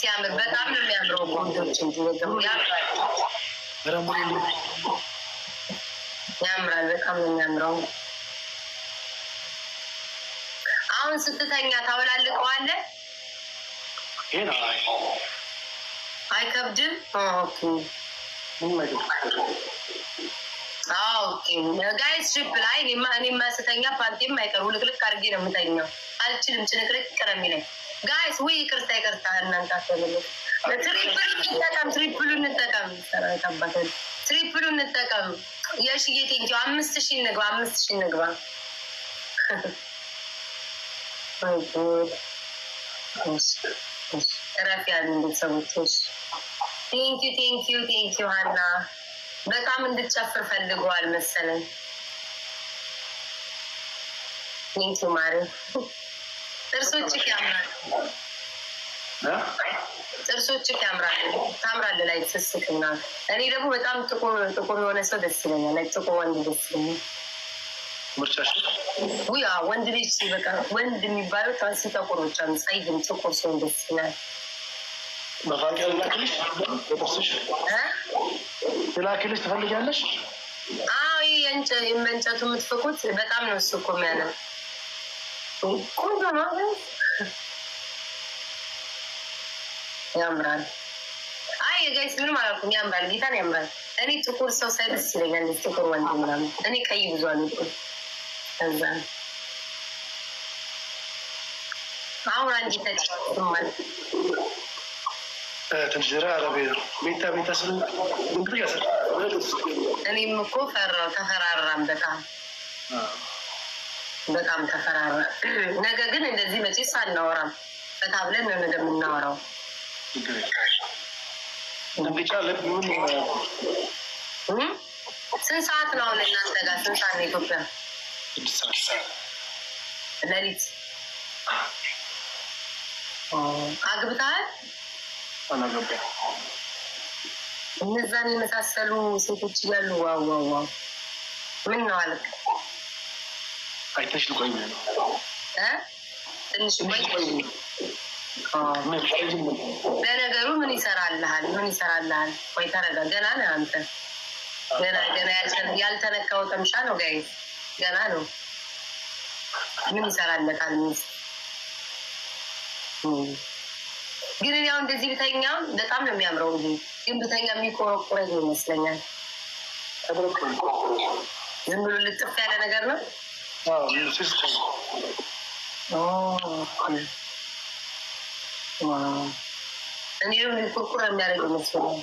ሲያምር በጣም ነው የሚያምረው። ወንዶች ያምራል፣ በጣም ነው የሚያምረው። አሁን ስትተኛ ታወላልቀዋለህ፣ አይከብድም። ጋይስ ሽፕል አይ እኔማ ስተኛ ፓንቴም አይቀር ውልቅልቅ አድርጌ ነው የምተኛው። አልችልም፣ ጭንቅልቅ ቅር የሚለኝ ጋይስ ወይ ይቅርታ ይቅርታ፣ እናንተ አትሆኑ። ትሪፕሉ እንጠቀም፣ ትሪፕሉ እንጠቀም፣ ሰራተባትን ትሪፕሉ እንጠቀም። የሺ ጌጤንኪ አምስት ሺ እንግባ፣ አምስት ሺ እንግባ። ረፍ ያሉ ቤተሰቦች ቴንኪ ቴንኪ ቴንኪ። ሀና በጣም እንድትጨፍር ፈልገዋል መሰለኝ። ቴንኪ ማሪ ጥርሶችህ ያምራል ጥርሶችህ ያምራል ታምራለህ ላይ እኔ ደግሞ በጣም ጥቁር ጥቁር የሆነ ሰው ደስ ይለኛል። ላይ ጥቁር ወንድ ደስ ይለኛል። ምርጫሽ ውያ ወንድ ልጅ ሲበቃ ወንድ የሚባለው ትራንስ ጠቁር ብቻ ነው። ጥቁር ሰው ደስ ይላል። ላክልሽ ትፈልጊያለሽ? አዎ ይህ መንጨቱ የምትፈቁት በጣም ነው እሱ እኮ የሚያነው ቆንጆ ነው። ያምራል። አይ የጋይስ ምንም አላልኩም። ያምራል፣ ጌታን ያምራል። እኔ ጥቁር ሰው ሳይ ደስ ይለኛል። ጥቁር ወንድ ምናምን። እኔ ቀይ ብዙ አልወድም። ከዛ አሁን አንድ ተጭማል ትንጀራ አረቤ ነው ቤታ ቤታ እኔም እኮ ተፈራራም በጣም በጣም ተፈራረ። ነገ ግን እንደዚህ መቼስ አናወራም፣ ፈታ ብለን ነው ነገ የምናወራው። ስንት ሰዓት ነው አሁን እናንተ ጋር? ስንት ሰዓት ነው ኢትዮጵያ? ሌሊት አግብታል። እነዛን የመሳሰሉ ሴቶች እያሉ ዋዋዋ ምን ነው አልክ? አይተሽ ልቆይ ትንሽ ቆይ። ለነገሩ ምን ይሰራልሃል? ምን ይሰራልሃል? ወይ ተረጋ። ገና ነህ አንተ። ገና ገና ያልተነካው ተምሻ ነው ጋይ፣ ገና ነው። ምን ይሰራለታል? ሚስ ግን ያው እንደዚህ ብተኛ በጣም ነው የሚያምረው። እ ግን ብተኛ የሚቆረቁረኝ ይመስለኛል። ዝም ብሎ ልጥፍ ያለ ነገር ነው። Ah, Francisco. እንዲሁም ኩርኩር የሚያደርገው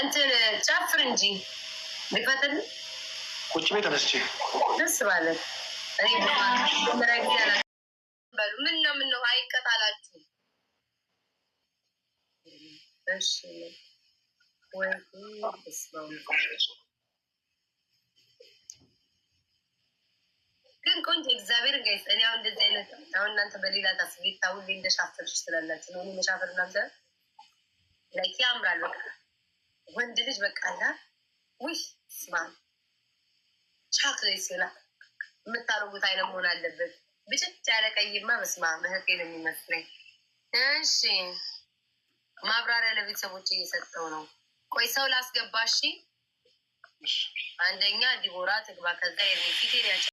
እንትን ጨፍር እንጂ ልክፈትን ቁጭ ቤት ተነስቼ ደስ ባለ ምን ነው ምን ነው አይቀጣላችሁ እሺ ወይ ግን ቆንጆ እግዚአብሔር ጋይስ፣ እኔ አሁን እንደዚህ አይነት አሁን እናንተ በሌላ ታስ አሁን ላይ እንደሻፈርሽ ስላላችሁ ነው። መሻፈር ናምዘ ላይ ያምራል። በቃ ወንድ ልጅ በቃ ላ ውይ ስማ ቻክሌት ሲሆና የምታረጉት አይነት መሆን አለበት። ብጭት ያለ ቀይማ መስማ ምህርቴ ነው የሚመስለኝ። እሺ ማብራሪያ ለቤተሰቦች እየሰጠው ነው። ቆይ ሰው ላስገባሽ። አንደኛ ዲቦራ ትግባ፣ ከዛ የሚፊቴን ያጫ